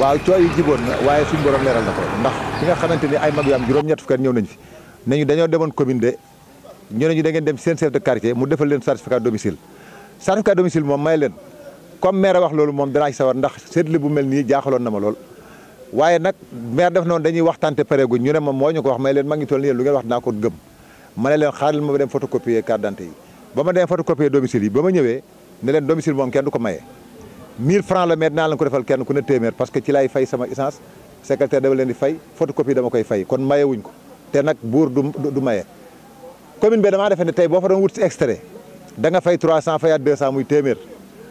waaw coow yi jiboon na waaye suñu borom leeral na ko ndax ki nga xamante ni ay mag yu am juróom-ñett fukki at ñëw nañ fi nañu dañoo demoon commune de ñu ne ñu da dem seen chef de quartier mu defal leen certificat domicile certificat domicile moom may leen comme maire wax loolu moom danaa ci sawar ndax seetlu bu mel nii jaaxaloon na ma lool waaye nag maire def noonu dañuy waxtaante pareeguñ ñu ne ma moo ñu ko wax may leen ma ngi toll nii lu ngeen wax naa ko gëm ma ne leen xaaral ma dem yi ba ma dem photocopier domicile yi ba ma ñëwee ne leen 1000 francs la mais dinaa leen ko defal kenn ku ne téeméer parce que ci laay fay sama essence secrétaire dama leen di fay photocopie dama koy fay kon mayewuñ ko te nag buur du maye. commune bi damaa defe ne tey boo fa doon wut si extrait da nga fay 300 fayaat 200 muy téeméer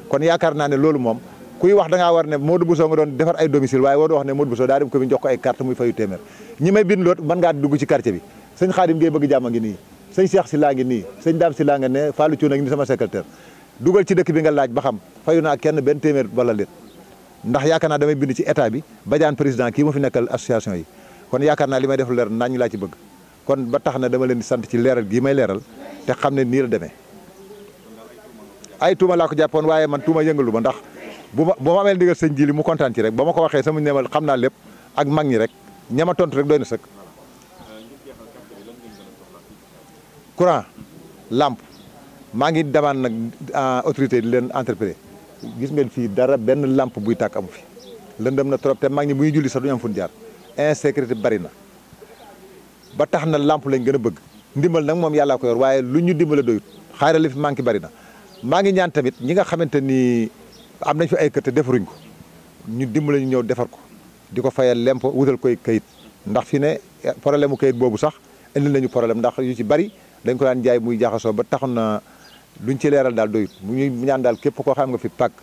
kon yaakaar naa ne loolu moom kuy wax da ngaa war ne Modou Bousso nga doon defar ay domicile waaye waroo wax ne Modou Bousso daa dem commune jox ko ay carte muy fayu dugg ci quartier bi sëñ Xaadim ngay bëgg jàmm ngi nii sëñ Cheikh dugal ci dëkk bi nga laaj ba xam fayu naa kenn benn téeméer wala lit ndax yaakaar naa damay bind ci état bi bajaan président kii ma fi nekkal association yi kon yaakaar naa li may def leer naañ laa ci bëgg kon ba tax na dama leen di sant ci leeral gii may leeral te xam ne nii la demee ay tuuma laa ko jàppoon waaye man tuuma yëngalu ma ndax bu ma bu ma amee ndigal sëñ ji li mu kontaan ci rek ba ma ko waxee sama nemal xam naa lépp ak mag ñi rek ñama tontu rek doy na maa ngi demande nag euh, autorité di leen interpellé gis ngeen fii dara benn làmp buy tàkk amu fi lëndëm na trop te mag ñi bu ñu julli sax du ñu am jaar insécurité bari na ba tax na làmp lañ gën a bëgg ndimal nag moom yàllaa ko yor waaye lu ñu dimbale doyut xaaral li fi manqué bari na maa ngi ñaan tamit ñi nga xamante ni am nañ fi ay kër te defaruñ ko ñu dimbale ñu ñëw defar ko di ko fayal lemp wutal koy kayit ndax fi ne problème mu kayit boobu sax indil nañu problème ndax yu ci bari dañ ko daan jaay muy jaaxasoo ba taxoon na luñ ci leeral daal doyut mu ñuy ñaan daal képp koo xam nga fi pàkk